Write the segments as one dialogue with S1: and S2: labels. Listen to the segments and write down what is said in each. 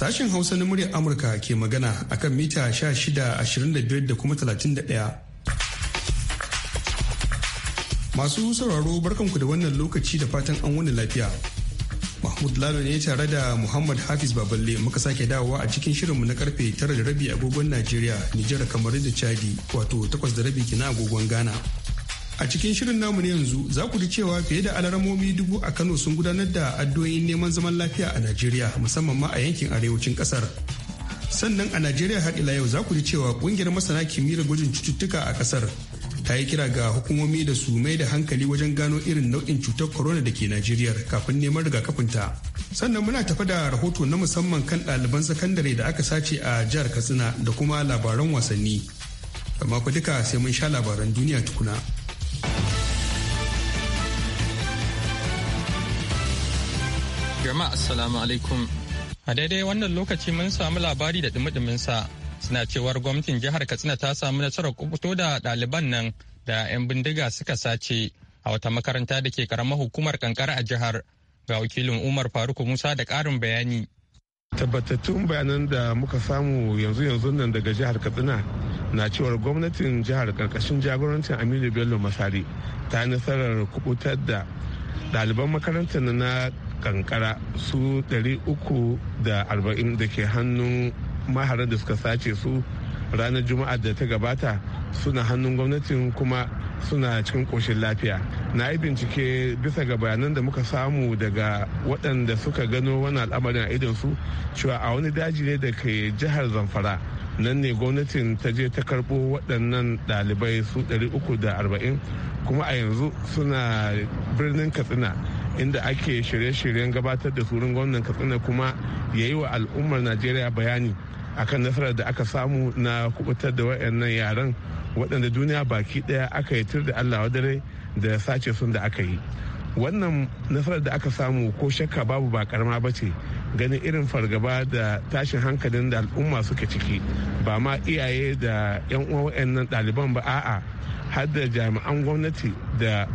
S1: Sashen Hausa na muryar Amurka ke magana a kan mita 1625 da kuma 31. Masu sauraro barkanku da wannan lokaci da fatan an wani lafiya. Mahmud Lalo ne tare da Muhammad Hafiz Baballe muka sake dawowa a cikin shirinmu na karfe tara da rabi agogon Najeriya, Nijar kamaru da Chadi, wato takwas da rabi kina agogon Ghana. A cikin shirin namu ne yanzu za ku ji cewa fiye da alaramomi dubu a Kano sun gudanar da addu'o'in neman zaman lafiya a Najeriya musamman ma a yankin arewacin kasar. Sannan a Najeriya har ila yau za ku ji cewa kungiyar masana kimiyyar gwajin cututtuka a kasar ta yi kira ga hukumomi da su mai da hankali wajen gano irin nau'in cutar corona da ke Najeriya kafin neman rigakafinta. Sannan muna tafa da rahoto na musamman kan ɗaliban sakandare da aka sace a jihar Katsina da kuma labaran wasanni. Amma fa duka sai mun sha labaran duniya tukuna.
S2: Jama'a Assalamu alaikum. A daidai wannan lokaci mun samu labari da dumi sa suna cewar gwamnatin jihar Katsina ta samu nasarar kubuto da ɗaliban nan da 'yan bindiga suka sace a wata makaranta da ke karamar hukumar kankara a jihar. Ga wakilin Umar Faruk Musa da ƙarin bayani.
S3: Tabbatattun bayanan da muka samu yanzu yanzu nan daga jihar Katsina na cewar gwamnatin jihar karkashin jagorancin aminu bello masari ta nasarar kubutar da ɗaliban makarantar na kankara su 340 da ke hannun maharar da suka sace su ranar juma'a da ta gabata suna hannun gwamnatin kuma suna cikin koshin lafiya na yi bincike bisa ga bayanan da muka samu daga waɗanda suka gano wani al'amarin a idon su cewa a wani daji ne da ke jihar zamfara nan ne gwamnatin ta je ta karɓo waɗannan ɗalibai su 340 kuma a yanzu suna birnin katsina inda ake shirye-shiryen gabatar da turin gwamnan katsina kuma ya yi wa al'ummar najeriya bayani akan nasarar da aka samu na kubutar da waɗannan yaren waɗanda duniya baki ɗaya aka yi tur da allah dare da sace sun da aka yi wannan nasarar da aka samu ko shakka babu ba karama ba ce gani irin fargaba da tashin hankalin da al'umma suke ciki ba ma iyaye da 'yan uwa waɗannan ɗaliban ba a'a har da jami'an gwamnati da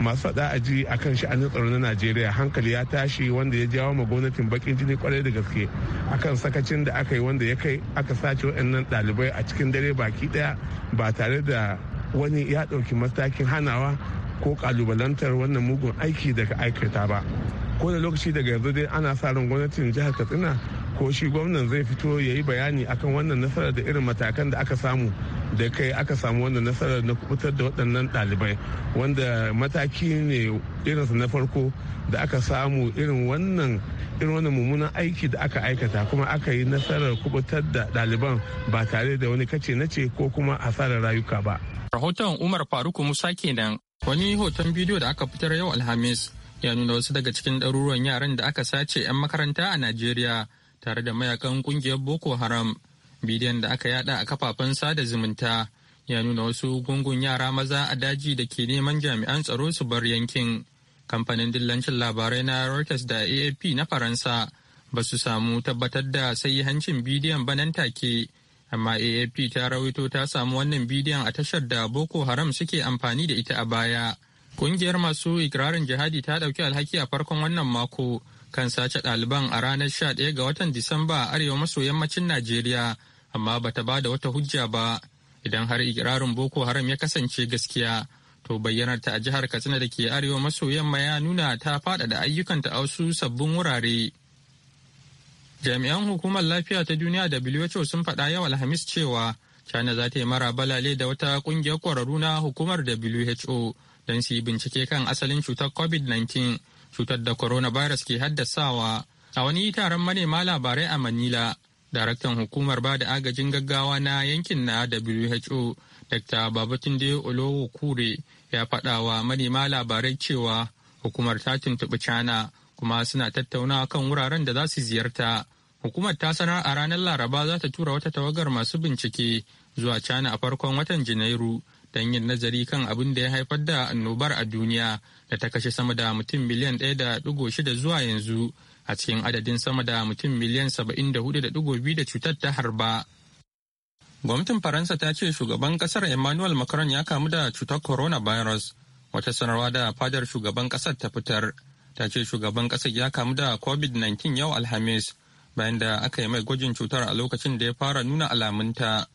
S3: masu faɗa a ji a kan sha'anin tsaro na najeriya hankali ya tashi wanda ya jawo ma gwamnatin bakin jini kwarai da gaske akan sakacin da aka yi wanda ya kai aka sace waɗannan ɗalibai a cikin dare baki ɗaya ba tare da wani ya ɗauki matakin hanawa ko ƙalubalantar wannan mugun aiki daga aikata ba ko da lokaci daga yanzu dai ana sa ran gwamnatin jihar katsina ko shi gwamnan zai fito ya yi bayani akan wannan nasarar da irin matakan da aka samu da kai aka samu wannan nasarar na kubutar da waɗannan ɗalibai wanda mataki ne irinsa na farko da aka samu irin wannan irin wannan mummunan aiki da aka aikata kuma aka yi nasarar kubutar da ɗaliban ba tare da wani kace na ce ko kuma asarar rayuka ba.
S2: Rahoton Umar Faruku Musa kenan wani hoton bidiyo da aka fitar yau Alhamis ya nuna wasu daga cikin ɗaruruwan yaran da aka sace 'yan makaranta a Najeriya tare da mayakan kungiyar Boko Haram bidiyon da aka yada a kafafen sada zumunta ya nuna wasu gungun yara maza a daji da ke neman jami'an tsaro su bar yankin kamfanin dillancin labarai na reuters da aap na faransa ba su samu tabbatar da sai hancin bidiyon ba nan take amma aap ta rawaito ta samu wannan bidiyon a tashar da boko haram suke amfani da ita a baya kungiyar masu ikirarin jihadi ta dauki alhaki a farkon wannan mako kan sace ɗaliban a ranar 11 ga watan disamba a arewa maso yammacin najeriya amma bata ba da wata hujja ba idan har ikirarin boko haram ya kasance gaskiya to bayyanar ta a jihar katsina da ke arewa maso yamma ya nuna ta faɗaɗa ayyukanta a wasu sabbin wurare jami'an hukumar lafiya ta duniya da who sun faɗa yau alhamis cewa china za ta yi mara balale da wata ƙungiyar kwararru na hukumar who don su yi bincike kan asalin cutar covid-19 cutar da coronavirus ke haddasawa a wani taron manema labarai a manila Daraktan hukumar ba da agajin gaggawa na yankin na WHO, Dr. Babatunde Olowo Kure, ya faɗa wa manema labarai cewa hukumar ta tuntuɓi China kuma suna tattaunawa kan wuraren da za su ziyarta. Hukumar ta sanar a ranar Laraba za ta tura wata tawagar masu bincike zuwa China a farkon watan Janairu don yin nazari kan abin da ya haifar da annobar a duniya da ta kashe sama da mutum miliyan ɗaya da digo shida zuwa yanzu a cikin adadin sama da mutum miliyan 74.2 da cutar ta harba. Gwamnatin Faransa ta ce shugaban kasar Emmanuel Macron ya kamu da cutar coronavirus. Wata sanarwa da fadar shugaban kasar ta fitar ta ce shugaban kasar ya kamu da COVID-19 yau Alhamis bayan da aka yi mai gwajin cutar a lokacin da ya fara nuna alamunta.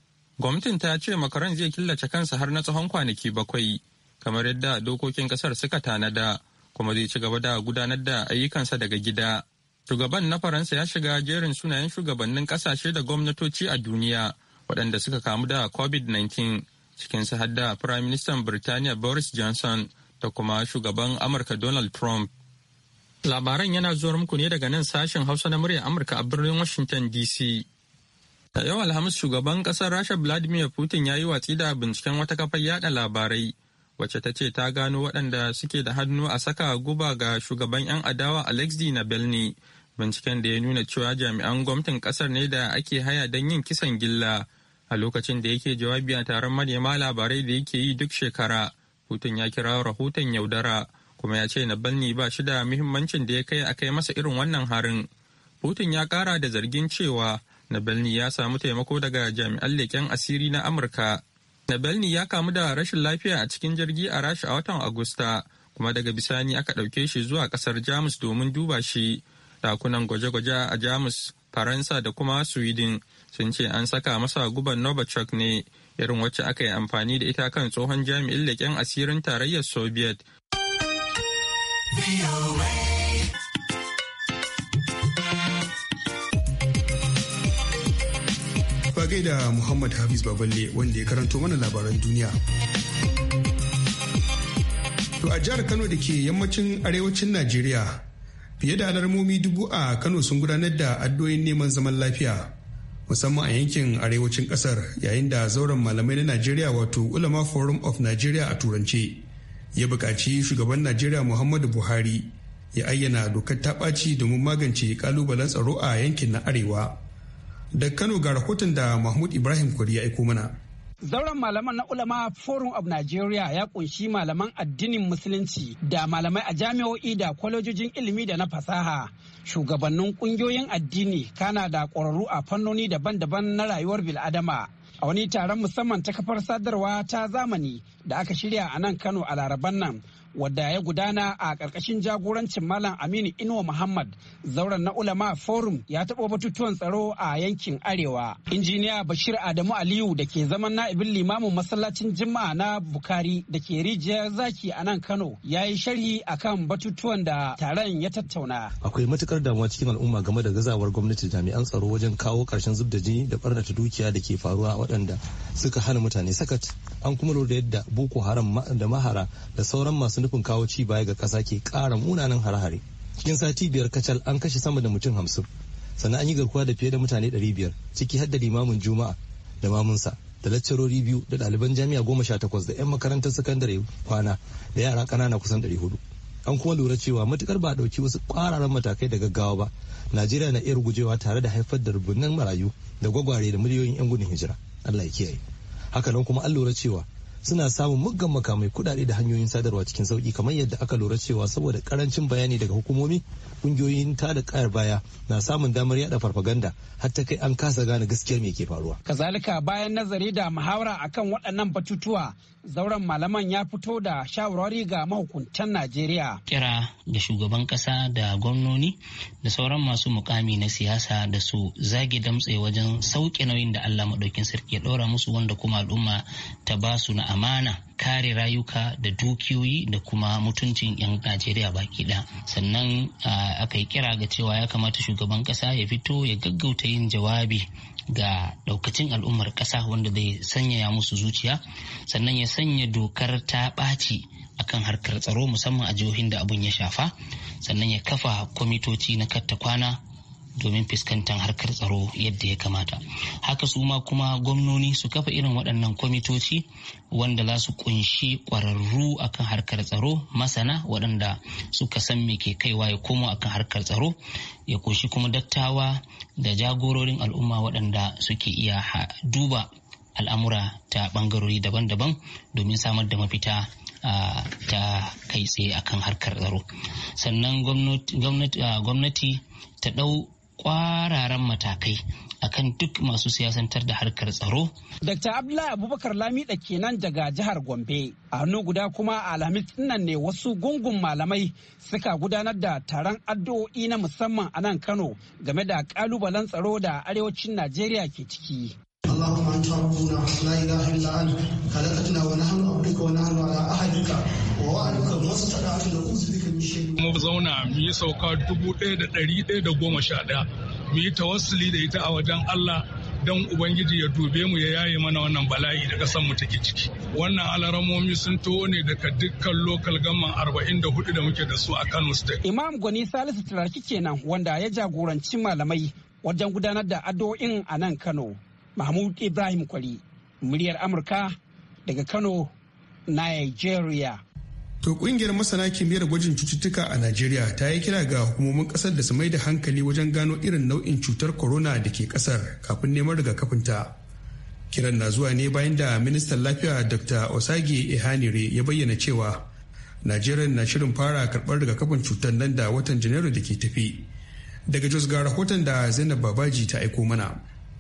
S2: Gwamnatin ta ce Macron zai killace kansa har na tsawon kwanaki bakwai kamar yadda dokokin kasar suka tanada kuma zai ci gaba da gudanar da ayyukansa daga gida. Shugaban na Faransa ya shiga jerin sunayen shugabannin kasashe da gwamnatoci a duniya waɗanda suka kamu da COVID-19 cikinsu har da Prime Minister Birtaniya Boris Johnson da kuma shugaban Amurka Donald Trump. Labaran yana zuwa muku ne daga nan sashen Hausa na murya Amurka a birnin Washington DC. Da yau Alhamis shugaban kasar Rasha Vladimir Putin ya yi watsi da binciken wata kafar yada labarai wacce ta ce ta gano waɗanda suke da hannu a saka guba ga shugaban 'yan adawa Alexei Navalny binciken da ya nuna cewa jami'an gwamnatin kasar ne da ake haya don yin kisan gilla a lokacin da yake jawabi a taron manema labarai da yake yi duk shekara hutun ya kira rahoton yaudara kuma ya ce nabalni ba shi da muhimmancin da ya kai a kai masa irin wannan harin hutun ya kara da zargin cewa nabalni ya samu taimako daga jami'an leken asiri na amurka nabalni ya kamu da rashin lafiya a cikin jirgi a rashi a watan agusta kuma daga bisani aka ɗauke shi zuwa ƙasar jamus domin duba shi dakunan gwaje-gwaje a jamus faransa da kuma sweden sun ce an saka masa guban novichok ne irin wacce aka yi amfani da ita kan tsohon jami'in leƙen asirin tarayyar soviet
S1: Bagai da Muhammad Hafiz Baballe wanda ya karanto mana labaran duniya. To a jihar Kano da ke yammacin arewacin Najeriya fiye da alarmomi dubu a kano sun gudanar da addu'oyin neman zaman lafiya musamman a yankin arewacin kasar yayin da zauren malamai na najeriya wato ulama forum of nigeria a turance ya buƙaci shugaban najeriya muhammadu buhari ya ayyana dokar ta ɓaci domin magance kalubalen tsaro a yankin na arewa da kano ga rahoton da mahmud ibrahim kwari ya aiko mana
S4: Zauren malaman na Ulama Forum of Nigeria ya kunshi malaman addinin Musulunci da malamai a jami'o'i da kwalejojin ilimi da na fasaha, shugabannin kungiyoyin addini kana da ƙwararru a fannoni daban-daban na rayuwar bil'adama. A wani taron musamman ta kafar sadarwa ta zamani da aka shirya a nan Kano a laraban nan, wadda ya gudana a karkashin jagorancin Malam Aminu Inuwa Muhammad zauren na Ulama Forum ya taɓo batutuwan tsaro a yankin Arewa. Injiniya Bashir Adamu Aliyu da ke zaman na'ibin limamin masallacin Juma'a na Bukari da ke rijiyar zaki a nan Kano ya yi sharhi akan batutuwan da taron ya tattauna.
S5: Akwai matukar damuwa cikin al'umma game da
S6: gazawar gwamnati jami'an tsaro wajen kawo ƙarshen zub da jini da ɓarnata dukiya da ke faruwa waɗanda suka hana mutane sakat. An kuma lura da yadda Boko Haram da mahara da sauran masu nufin kawo ci baya ga kasa ke kara munanan hare-hare cikin sati biyar kacal an kashe sama da mutum hamsin sannan an yi garkuwa da fiye da mutane ɗari biyar ciki har da limamin juma'a da mamunsa da laccarori biyu da ɗaliban jami'a goma sha takwas da 'yan makarantar sakandare kwana da yara ƙanana kusan ɗari hudu an kuma lura cewa matukar ba a ɗauki wasu ƙwararan matakai da gaggawa ba najeriya na iya rugujewa tare da haifar da rubunan marayu da gwagware da miliyoyin 'yan gudun hijira allah ya kiyaye hakanan kuma an lura cewa suna samun muggan makamai kudade da hanyoyin sadarwa cikin sauki kamar yadda aka lura cewa saboda karancin bayani daga hukumomi kungiyoyin ta da kayar baya na samun damar yada farfaganda har ta kai an kasa gane gaskiyar me ke faruwa
S4: kazalika bayan nazari da muhawara akan waɗannan batutuwa zauren malaman ya fito da shawarwari ga mahukuntan
S7: najeriya kira ga shugaban kasa da gwamnoni da sauran masu mukami na siyasa da su zage damtse wajen sauke nauyin da allah maɗaukin sarki ya ɗora musu wanda kuma al'umma ta basu su na amana kare rayuka da dukiyoyi da kuma mutuncin 'yan najeriya baki da sannan aka yi kira ga cewa ya kamata shugaban ƙasa ya fito ya gaggauta yin jawabi ga daukacin al'ummar ƙasa wanda zai sanyaya musu zuciya sannan ya sanya dokar ta ɓaci akan harkar tsaro musamman a jihohin da abun ya shafa sannan ya kafa kwamitoci na katta kwana domin fuskantar harkar tsaro yadda ya kamata haka su ma kuma gwamnoni su kafa irin waɗannan kwamitoci wanda za su kunshi ƙwararru akan harkar tsaro masana waɗanda suka san me ke kaiwa ya komo akan harkar tsaro ya kunshi kuma dattawa da jagororin al'umma waɗanda suke iya duba al'amura ta ɓangarori daban-daban domin samar da mafita ta kai tsaye akan harkar tsaro sannan gwamnati ta ɗau kwararan matakai akan duk masu siyasantar da harkar tsaro. Dr.
S4: Abdullahi Abubakar Lami ke nan daga jihar Gombe. A hannu guda kuma a Alhamis nan ne wasu gungun malamai suka gudanar da taron addu'o'i na musamman a nan Kano game da kalubalen tsaro da arewacin Najeriya ke ciki.
S7: اللهم
S1: mu zauna mu yi sauka dubu ɗaya da ɗari ɗaya da goma sha ɗaya mu yi tawassuli da ita a wajen Allah don Ubangiji ya dube mu ya yaye mana wannan bala'i da ƙasar mu take ciki. Wannan alaramomi sun taho ne daga dukkan lokal gaman arba'in da hudu da muke da su a Kano State.
S4: Imam Gwani Salisu Turaki kenan wanda ya jagoranci malamai wajen gudanar da addu'o'in a nan Kano. Mahmud Ibrahim Kwari, muryar Amurka daga Kano, Nigeria. To kungiyar
S1: masana kimiyyar gwajin cututtuka a Najeriya ta yi kira ga hukumomin kasar da su mai da hankali wajen gano irin nau'in cutar corona da ke kasar kafin neman rigakafinta. Kiran na zuwa ne bayan da ministan lafiya Dr. Osage Ehanire ya bayyana cewa Najeriya na shirin fara karɓar rigakafin cutar nan da watan Janairu da ke tafi. Daga Jos ga rahoton da Zainab Babaji ta aiko mana.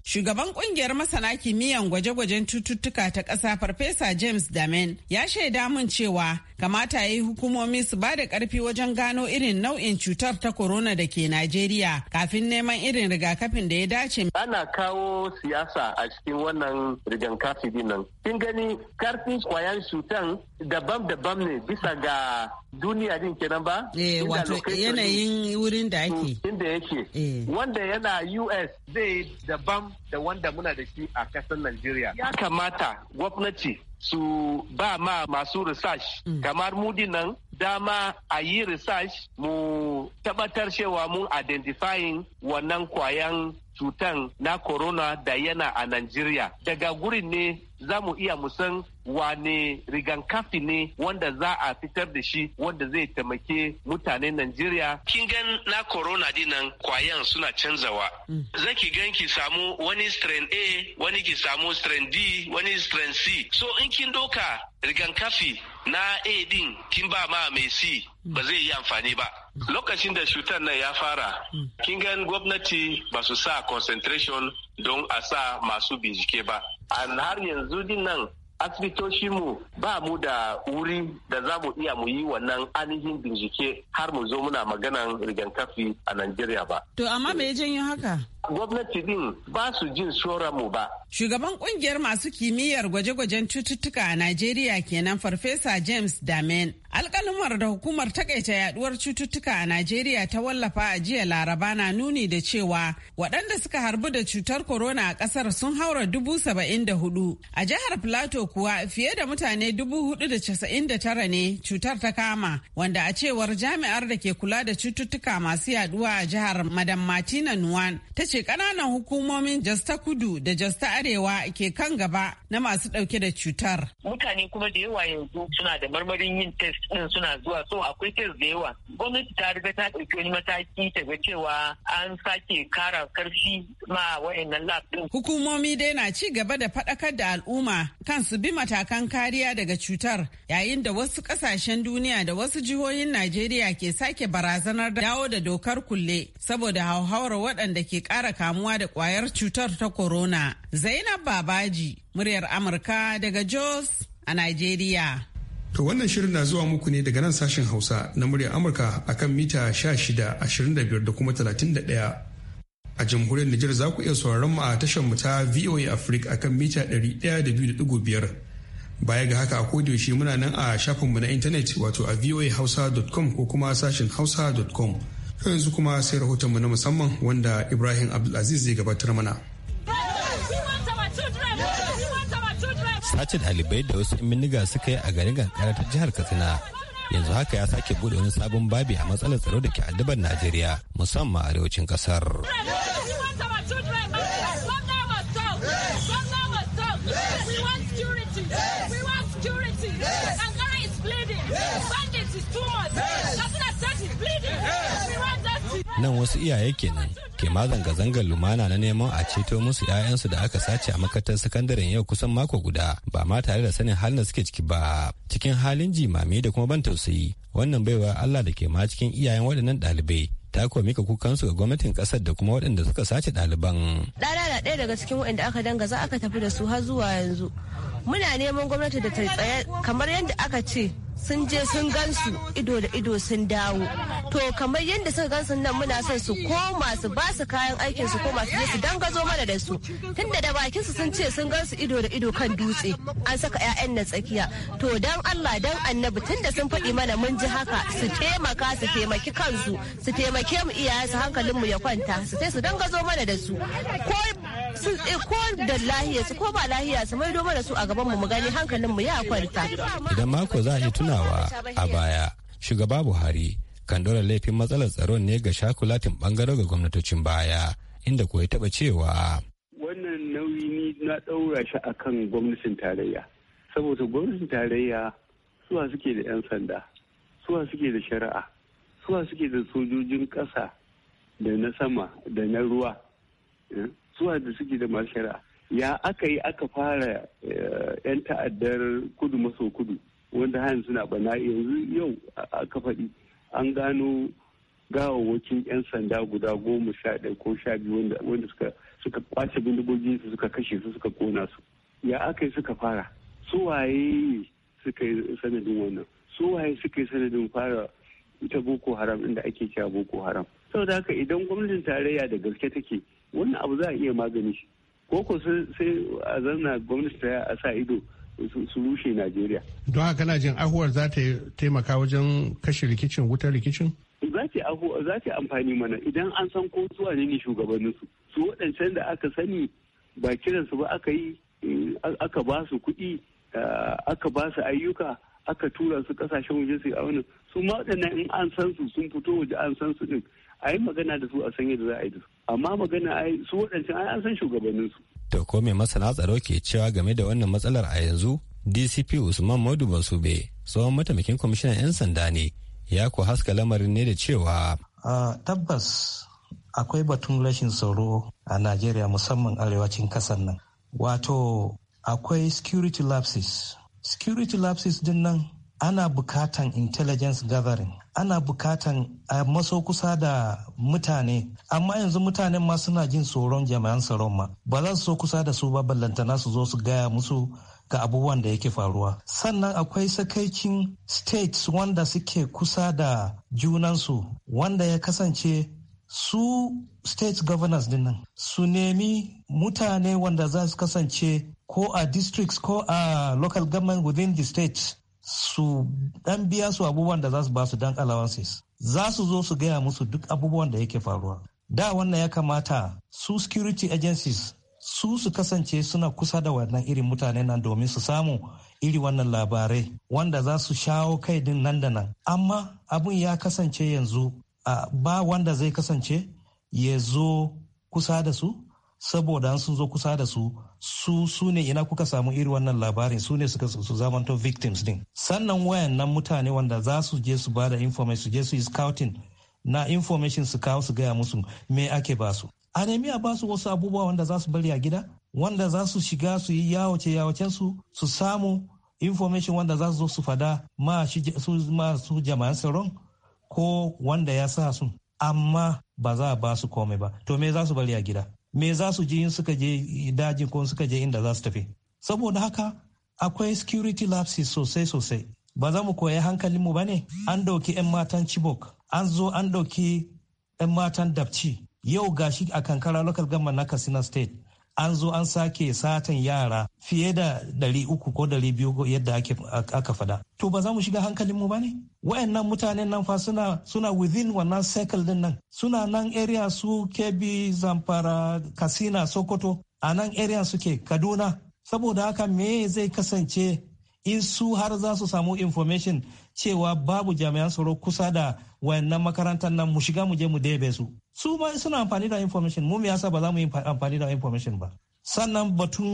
S8: Shugaban kungiyar masana kimiyyan gwaje-gwajen cututtuka ta ƙasa Farfesa James Damen ya shaida mun cewa kamata ya yi hukumomi su ba da ƙarfi wajen gano irin nau'in cutar ta corona da ke Najeriya kafin neman irin rigakafin da ya dace. Ana kawo
S9: siyasa a cikin wannan rigakafi nan. Kin gani karfin kwayan cutan daban-daban ne bisa ga duniya din kenan ba? Eh, wato yanayin
S8: wurin da ake. Mm, inda yake.
S9: Eh. Wanda yana US zai daban da wanda muna da shi a kasar Najeriya. Ya kamata gwamnati su ba ma masu research mm. kamar mudi nan dama a yi research mu tabbatar cewa mun identifying wannan kwayan cutan na corona da yana a Najeriya. Daga gurin ne za mu iya musan wane rigankafi ne wanda za a fitar da shi wanda zai taimake mutanen Najeriya. Kin gan na corona dinan kwayan suna canzawa. Mm. Zaki gan ki samu wani strain A, wani ki samu strain D, wani strain C. So in kin doka rigankafi na A din kin ba ma mai C mm. ba zai yi amfani ba. lokacin da cutar nan ya fara hmm. kin gan gwamnati ba su sa concentration don a sa masu bincike ba an har yanzu din nan asibitoci mu ba mu da wuri da za mu iya mu yi wannan ainihin bincike har mu zo muna maganan rigakafi a Najeriya ba.
S8: To amma me jan janyo haka?
S9: gwamnati din ba su jin mu ba.
S8: Shugaban kungiyar masu kimiyyar gwaje-gwajen cututtuka a Najeriya kenan Farfesa James Damen alkalmar da hukumar takaita yaduwar cututtuka a Najeriya ta wallafa a jiya Laraba na nuni da cewa waɗanda suka harbu da cutar corona a ƙasar sun haura dubu saba'in da hudu. A jihar Plateau kuwa fiye da mutane dubu hudu da casa'in da tara ne cutar ta kama wanda a cewar jami'ar da ke kula da cututtuka masu yaduwa a jihar Madam Martina Nuwan ta ce ƙananan hukumomin Jasta Kudu da Jasta Arewa ke kan gaba na masu ɗauke da cutar.
S9: Mutane kuma da yawa yanzu suna da marmarin yin test din suna zuwa so akwai kes da yawa gwamnati ta riga ta ɗauki wani mataki ta ga cewa an sake kara karfi ma wayannan lab din
S8: hukumomi dai na ci gaba da faɗakar da al'umma kan su bi matakan kariya daga cutar yayin da wasu ƙasashen duniya da wasu jihohin Najeriya ke sake barazanar dawo da dokar kulle saboda hauhawar waɗanda ke ƙara kamuwa da ƙwayar cutar ta corona. Zainab Babaji, muryar Amurka daga Jos a Najeriya.
S1: To wannan shirin na zuwa muku ne daga nan sashen Hausa na muryar Amurka a kan mita 16, da kuma 31. A jamhuriyar Nijar za ku iya sauraron mu a tashar mu ta VOA Africa a kan mita 102.5. Baya ga haka a yaushe muna nan a shafin mu na intanet wato a voahausa.com ko kuma sashen hausa.com. Yanzu kuma sai rahoton mu na musamman wanda
S6: Ibrahim Abdulaziz zai gabatar mana. ce ɗalibai da wasu miniga suka yi a garin kankara ta jihar katsina yanzu haka ya sake bude wani sabon babi a matsalar tsaro da ke addabar najeriya musamman arewacin kasar nan wasu iyaye kenan ke ma zanga-zangar lumana na neman a ceto musu 'ya'yansu da aka sace a makatar sakandaren yau kusan mako guda ba ma tare da sanin halin da suke ciki ba cikin halin jimami da kuma ban tausayi wannan baiwa Allah da ke ma cikin iyayen waɗannan ɗalibai ta kuwa mika kukansu ga gwamnatin kasar da kuma waɗanda suka sace ɗaliban.
S8: da ɗaya daga cikin waɗanda aka danga za aka tafi da su har zuwa yanzu. muna neman gwamnati da ta tsaye kamar yadda aka ce sun je sun gansu ido da ido sun dawo to kamar yadda suka gansu nan muna son su koma su ba su kayan aikin su koma su je su dangazo mana da su tunda da bakin su sun ce sun gansu ido da ido kan dutse an saka yayan na tsakiya to dan Allah dan annabi tunda sun faɗi mana mun ji haka su taimaka su taimaki kansu su taimake mu iyaye su hankalin mu ya kwanta su sai su dangazo mana da su ko sun eh, ko da lahiya su ko ba lahiya su mai maido da su a gaban mu mu gani hankalin mu ya kwanta
S6: idan mako za a yi tunawa a baya shugaba Buhari kan dora laifin matsalar tsaron ne ga shakulatin bangaren ga gwamnatocin baya inda koyi ya taba cewa
S10: wannan nauyi ni na daura shi akan gwamnatin tarayya saboda gwamnatin tarayya suwa suke da 'yan sanda suwa suke da shari'a suwa suke da sojojin ƙasa da na sama da na ruwa eh? suwa da suke da masu ya aka yi aka fara eh, yan ta'addar kudu maso kudu wanda hayan suna bana yanzu yau aka faɗi an gano gawawwakin 'yan sanda guda goma sha ɗaya ko sha biyu wanda suka kwace bindigogin su suka kashe su suka kona su ya aka yi suka fara su suka yi sanadin wannan su waye suka yi sanadin fara ita boko haram inda ake kira boko haram saboda haka idan gwamnatin tarayya da gaske take wannan abu za a iya magani shi ko ko sai a zanna gwamnati ta sa ido su rushe najeriya
S1: don haka na jin ahuwar za ta taimaka wajen
S10: kashe rikicin wutar rikicin za ta amfani mana idan an san ko zuwa ne shugabanninsu su waɗancan da aka sani ba kiransu ba aka yi eh, aka ba su kuɗi eh, aka ba su ayyuka aka tura su kasashen waje su wani su ma waɗannan in an san su sun fito waje an san su din a yi magana da su a san yadda za a yi da su amma magana a su waɗancan ai an san shugabannin su.
S6: to ko mai masana tsaro ke cewa game da wannan matsalar a yanzu dcp usman madu basube tsohon mataimakin kwamishinan 'yan sanda ne ya ku haska lamarin ne da cewa.
S5: tabbas akwai batun rashin tsaro a najeriya musamman arewacin kasar nan wato akwai security lapses security lapses din nan ana bukatan intelligence gathering ana bukatan a maso kusa da mutane amma yanzu mutanen ma suna jin tsoron jami'an tsaron ma ba za su so kusa da su ba ballantana su zo su gaya musu ga abubuwan da yake faruwa sannan akwai sakaicin states wanda suke kusa da junansu wanda ya kasance su state governors din nan su nemi mutane wanda za su kasance ko a districts ko a local government within the state su dan biya su abubuwan da za su ba su dan allowances za su zo su gaya musu duk abubuwan da yake faruwa da wannan ya kamata su security agencies su su kasance suna kusa da wannan irin mutane nan domin su samu iri wannan labarai wanda za su shawo kai din nan da nan amma abun ya kasance yanzu A ba wanda zai kasance ya zo kusa da su saboda sun zo kusa da su su su ne ina kuka samu iri wannan labarin su ne suka su zamanto victims din sannan wayan nan mutane wanda za su je su bada information su je su yi scouting na information su kawo su gaya musu me ake su? a nemi a su wasu abubuwa wanda za su bari a gida wanda za su shiga su yi yawace yawacen su su samu information wanda za su zo su fada ma su jama'an tsaron ko wanda ya sa su amma ba za a ba su komai ba to me za su bari a gida me za su ji in suka je daji ko suka je inda za su tafi saboda haka akwai security lapses sosai sosai ba za mu koya mu ba ne an ɗauki 'yan matan chibok an zo an ɗauki 'yan matan dabci yau gashi a kankara local government na katsina state an zo an sake satan yara fiye da ɗari uku ko ɗari biyu yadda aka fada. To ba za mu shiga hankalin mu ba ne? Wayannan mutanen nan fa suna suna within wannan circle din nan. Suna nan area su Kebbi, Zamfara, Katsina, Sokoto. A nan area suke Kaduna. Saboda haka me zai kasance in su har za su samu information cewa babu jami'an tsaro kusa da wayannan makarantar nan mu shiga mu je mu debe su su ma suna amfani da information mu yasa ba za mu yi amfani da information ba sannan batun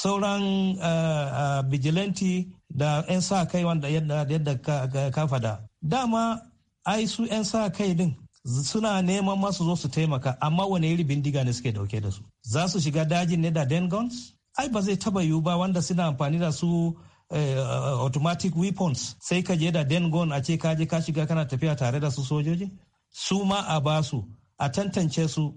S5: sauran eh, eh, vigilante da 'yan sa kai wanda yadda ka fada dama ai su 'yan sa kai din suna neman masu zo su taimaka amma wani iri bindiga ne suke dauke da su za su shiga dajin ne da dengons ai ba zai taba yiwu ba wanda suna amfani da su Eh, automatic weapons sai ka je da dengon a ce ka je ka shiga kana tafiya tare da su sojoji su ma a basu a tantance su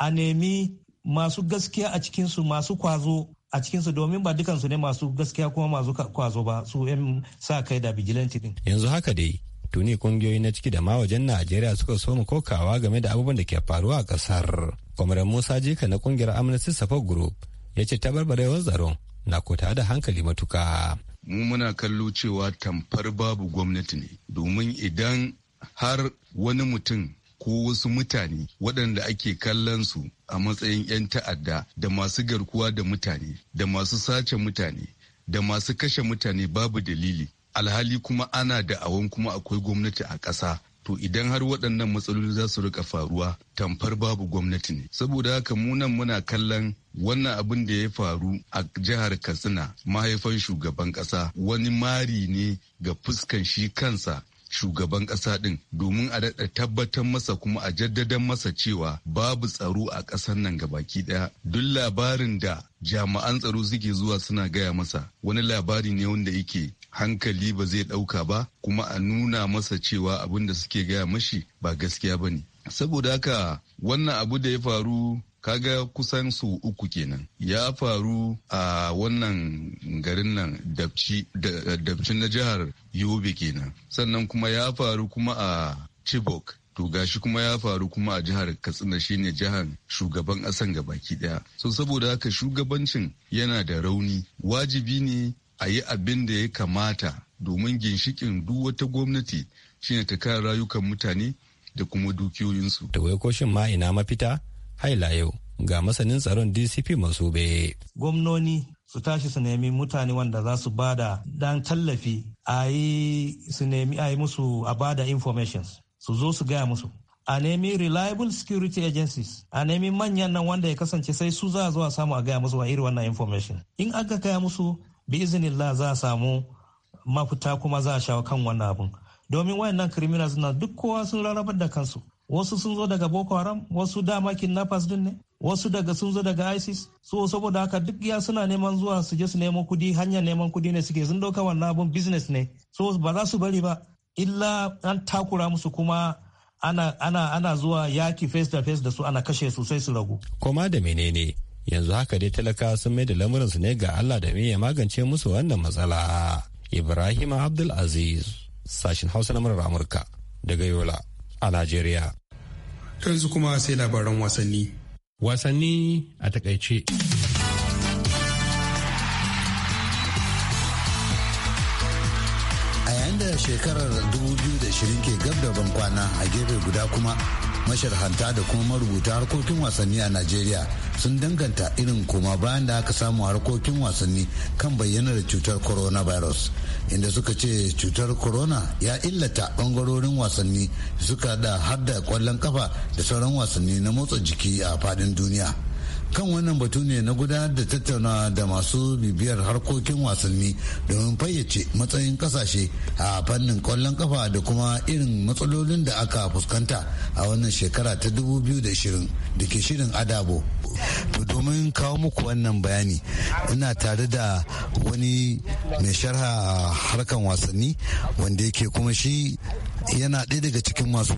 S5: a nemi masu gaskiya a cikinsu masu kwazo a cikinsu domin ba dukansu ne masu gaskiya kuma masu kwazo ba su yan sa kai da vigilante din
S6: yanzu haka dai tuni kungiyoyi na ciki da ma wajen najeriya suka so mu kokawa game da abubuwan da ke faruwa a kasar kwamaran musa jika na kungiyar amnesty support group ya ce barbarewar tsaron
S11: na kota da hankali matuka. Mu muna kallo cewa tamfar babu gwamnati ne domin idan har wani mutum ko wasu mutane waɗanda ake kallon su a matsayin 'yan ta'adda da masu garkuwa da mutane da masu sace mutane da masu kashe mutane babu dalili alhali kuma ana da awon kuma akwai gwamnati a ƙasa to idan har waɗannan matsaloli za su rika faruwa tamfar babu gwamnati ne saboda haka munan muna kallon wannan abin da ya faru a jihar katsina mahaifan shugaban ƙasa wani mari ne ga fuskan shi kansa shugaban ƙasa ɗin domin a daɗa tabbatar masa kuma a jaddadan masa cewa babu tsaro a ƙasar nan ga baki ɗaya duk labarin da jami'an tsaro suke zuwa suna gaya masa wani labari ne wanda yake hankali ba zai ɗauka ba kuma a nuna masa cewa abin da suke gaya mashi ba gaskiya ba ne saboda haka wannan abu da ya faru kaga kusan su uku kenan ya faru a wannan garin nan dabci na jihar yobe kenan sannan kuma ya faru kuma a chibok to gashi kuma ya faru kuma a jihar katsina shine jihar shugaban asan gabaki daya so saboda haka shugabancin yana da rauni wajibi ne a yi abin da ya kamata domin ginshikin duk wata gwamnati shine ta kare rayukan mutane da kuma dukiyoyinsu. Da wai koshin ma ina mafita? Haila
S6: yau ga masanin tsaron DCP masu bai.
S5: Gwamnoni su tashi su nemi mutane wanda za su bada dan tallafi a yi su nemi a yi musu a bada informations su zo su gaya musu. A nemi reliable security agencies, a nemi manyan nan wanda ya kasance sai su za a zo a samu a gaya musu wa iri wannan information. In aka gaya musu bi la za a samu mafita kuma za a shawo kan wannan abun domin wayannan criminals na duk kowa sun rarrabar da kansu wasu sun zo daga boko haram wasu dama kidnappers din ne wasu daga sun zo daga isis so saboda haka duk ya suna neman zuwa su je su nemo kudi hanyar neman kudi ne suke sun dauka wannan abun business ne so ba za su bari ba illa an takura musu kuma ana ana ana zuwa yaki face da face da su ana kashe su sai su ragu
S6: koma da menene yanzu haka dai talaka sun mai da lamuransu ne ga allah da ya magance musu wannan matsala ibrahim abdul aziz sashin hausa na murar amurka daga yola a najeriya yanzu kuma sai labaran wasanni wasanni a takaice
S12: a yayin da shekarar 2020 ke gab da bankwana a gefe guda kuma masharhanta da kuma marubuta harkokin wasanni a najeriya sun danganta irin koma bayan da aka samu harkokin wasanni kan bayyanar cutar coronavirus inda suka ce cutar corona ya illata bangarorin wasanni suka da har da kwallon kafa da sauran wasanni na motsa jiki a fadin duniya kan wannan batu ne na gudanar da tattaunawa da masu bibiyar harkokin wasanni domin fayyace matsayin kasashe a fannin kwallon kafa da kuma irin matsalolin da aka fuskanta a wannan shekara ta 2020 da ke shirin adabo domin kawo muku wannan bayani ina tare da wani mai sharha harkan wasanni wanda yake kuma shi yana ɗaya daga cikin masu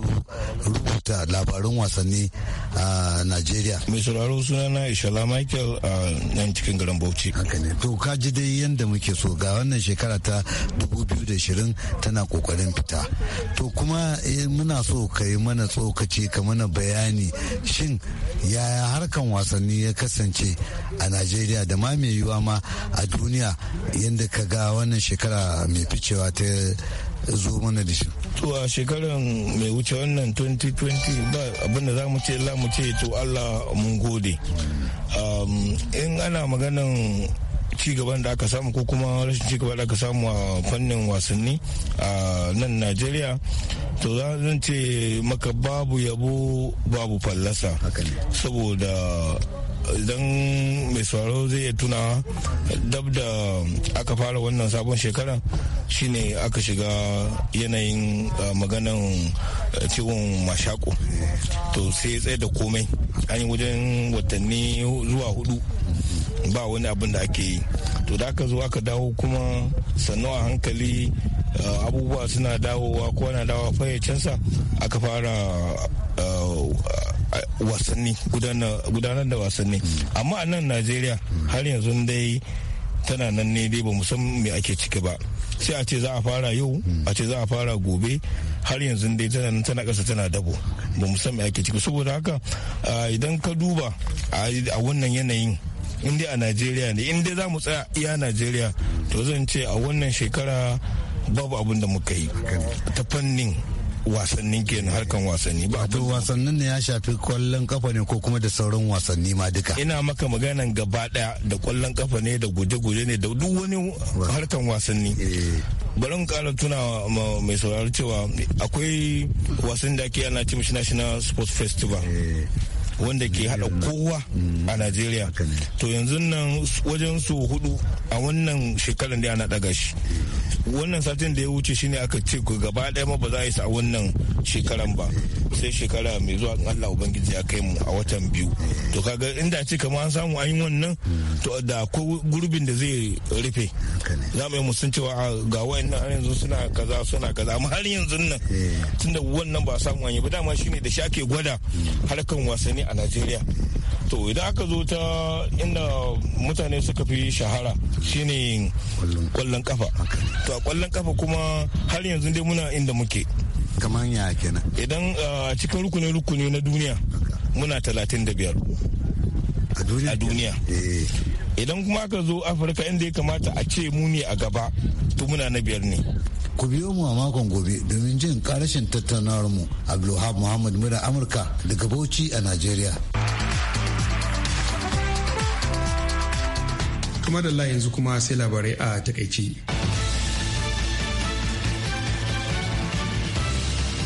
S12: rubuta labarun wasanni a Najeriya. Mai sauraro sunana Ishala Michael a nan cikin garin Bauchi. Haka ne. To ka ji dai yadda muke so ga wannan shekara ta 2020 tana kokarin fita. To kuma eh, muna so ka yi mana tsokaci ka mana bayani shin yaya harkan wasanni ya kasance a Najeriya da ma mai yiwuwa ma a duniya yadda ka ga wannan shekara mai ficewa ta zo mana da shi. To a
S13: shekaran mai wuce wannan 2020 ba abinda za mu ce Allah mu ce to Allah mun gode. Um, in ana maganan ci da aka samu ko kuma rashin ci da aka samu a fannin wasanni a nan najeriya to za zan ce maka babu yabo babu fallasa saboda idan mai sauraro zai iya tuna dab da aka fara wannan sabon shekara shine aka shiga yanayin maganan ciwon mashako to sai tsaye da komai an yi wajen watanni zuwa hudu ba wani abin da ake yi to da aka zo aka dawo kuma sannu a hankali eh, abubuwa suna dawowa ko na dawowa fayyacensa aka fara eh, eh, wasanni gudanar da wasanni amma a nan najeriya har yanzu dai tana nan ne dai ba san me ake ciki ba sai a ce za a fara yau a ce za a fara gobe har yanzu dai tana nan tana kasa tana dabo ba san me ake ciki saboda haka idan ka duba a wannan yanayin in dai a najeriya ne in dai za mu tsaya iya najeriya to zan ce a wannan shekara babu abin da muka yi ta fannin
S12: wasannin kenan harkan wasanni ba to wasannin ne ya shafi kwallon kafa ne ko kuma da sauran wasanni ma duka
S13: ina maka maganan gaba daya da kwallon kafa ne da guje-guje ne da duk wani harkan wasanni eh. bari kara tuna mai saurari cewa akwai wasan da ake ana ce mishi national sports festival eh. wanda ke hada kowa a najeriya to yanzu nan wajen su hudu a wannan shekarar da ana daga shi wannan satin da ya wuce shine aka ce gaba daya ma ba za a yi sa wannan shekaran ba sai shekara mai zuwa allah ubangiji ya kai mu a watan biyu to kaga inda ce kamar an samu an yi wannan to da ko gurbin da zai rufe za mu yi musun cewa ah, ga wayannan har yanzu suna kaza suna kaza amma har yanzu nan eh. tunda wannan ba samu an yi ba dama shine da shi ake gwada harkan wasanni a najeriya to idan aka zo ta inda mutane suka fi shahara shine kwallon kafa to a kwallon kafa kuma har yanzu dai muna inda muke kamar ya kenan idan cikin rukuni rukuni na duniya muna talatin da biyar a duniya eh. idan kuma aka zo afirka inda ya kamata a ce mu ne a gaba to muna na biyar ne
S12: ku biyo mu a makon gobe domin jin karashin tattaunawar mu abdulhab muhammad mura amurka daga bauchi a nigeria kuma da yanzu kuma sai labarai
S2: a takaici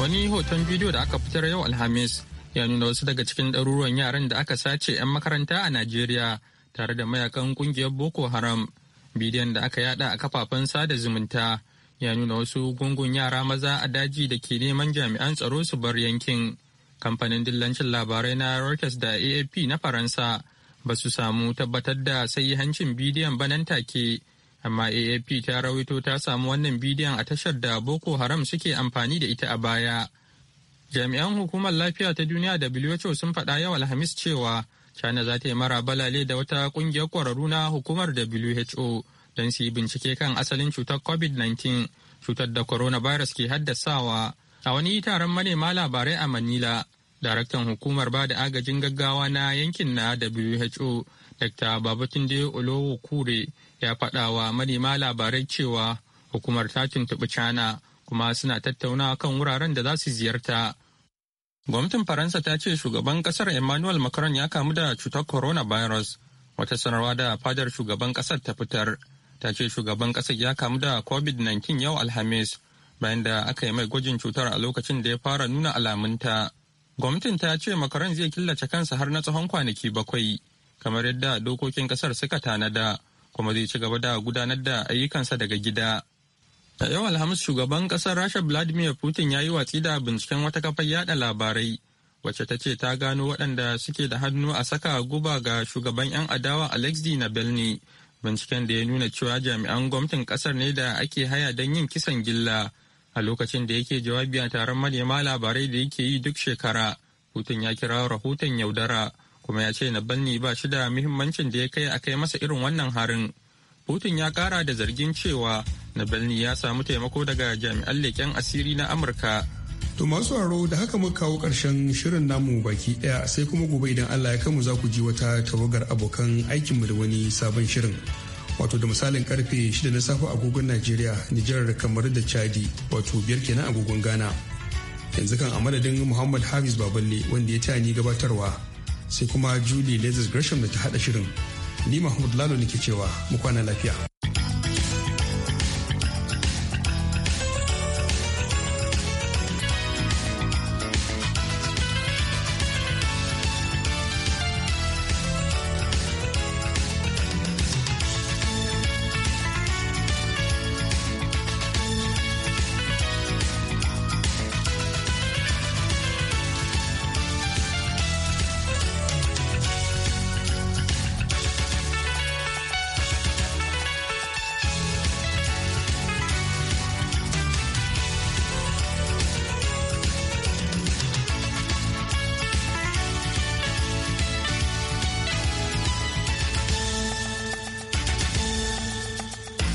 S2: wani hoton bidiyo da aka fitar yau alhamis ya nuna wasu daga cikin ɗaruruwan yaran da aka sace 'yan makaranta a najeriya tare da mayakan kungiyar boko haram bidiyon da aka yada a kafafen sada zumunta ya nuna wasu gungun yara maza a daji da ke neman jami'an tsaro su bar yankin kamfanin dillancin labarai na Reuters da AAP na Faransa ba su samu tabbatar da sai hancin bidiyon ba nan take amma AAP ta rawaito ta samu wannan bidiyon a tashar da Boko Haram suke amfani da ita a baya. Jami'an hukumar lafiya ta duniya da WHO sun faɗa yau Alhamis cewa China za ta yi mara balale da wata ƙungiyar ƙwararru na hukumar WHO don su yi bincike kan asalin cutar covid-19 cutar da coronavirus ke haddasawa a wani taron manema labarai a manila daraktan hukumar ba da agajin gaggawa na yankin na who dr babatunde olowo kure ya faɗa wa manema labarai cewa hukumar ta tuntuɓi cana kuma suna tattaunawa kan wuraren da za su ziyarta gwamnatin faransa ta ce shugaban kasar emmanuel macron ya kamu da cutar coronavirus wata sanarwa da fadar shugaban kasar ta fitar ta ce shugaban ƙasar ya kamu da covid-19 yau alhamis bayan da aka yi mai gwajin cutar a lokacin da ya fara nuna alamunta gwamnatin ta ce makaran zai killace kansa har na tsawon kwanaki bakwai kamar yadda dokokin ƙasar suka tanada kuma zai ci gaba da gudanar da ayyukansa daga gida a yau alhamis shugaban ƙasar rasha vladimir putin ya yi watsi da binciken wata kafar yada labarai wacce ta ce ta gano waɗanda suke da hannu a saka guba ga shugaban 'yan adawa alexei na Nabilni binciken da ya nuna cewa jami'an gwamnatin kasar ne da ake haya don yin kisan gilla a lokacin da yake jawabi a taron manema labarai da yake yi duk shekara hutun ya kira rahoton yaudara kuma ya ce na banni ba shi da muhimmancin da ya kai a kai masa irin wannan harin hutun ya kara da zargin cewa na banni ya samu taimako daga jami'an leƙen asiri na amurka
S1: To masu aro da haka muka kawo ƙarshen shirin namu baki ɗaya sai kuma gobe idan Allah ya kamu za ku ji wata tawagar abokan aikinmu da wani sabon shirin. Wato da misalin karfe 6 na safe agogon Najeriya, Nijar kamar da Chadi, wato biyar kenan agogon Ghana. Yanzu kan a Muhammad Hafiz Baballe wanda ya taya ni gabatarwa sai kuma Julie Lazarus Gresham da ta haɗa shirin. Ni Mahmud Lalo nake cewa mu kwana lafiya.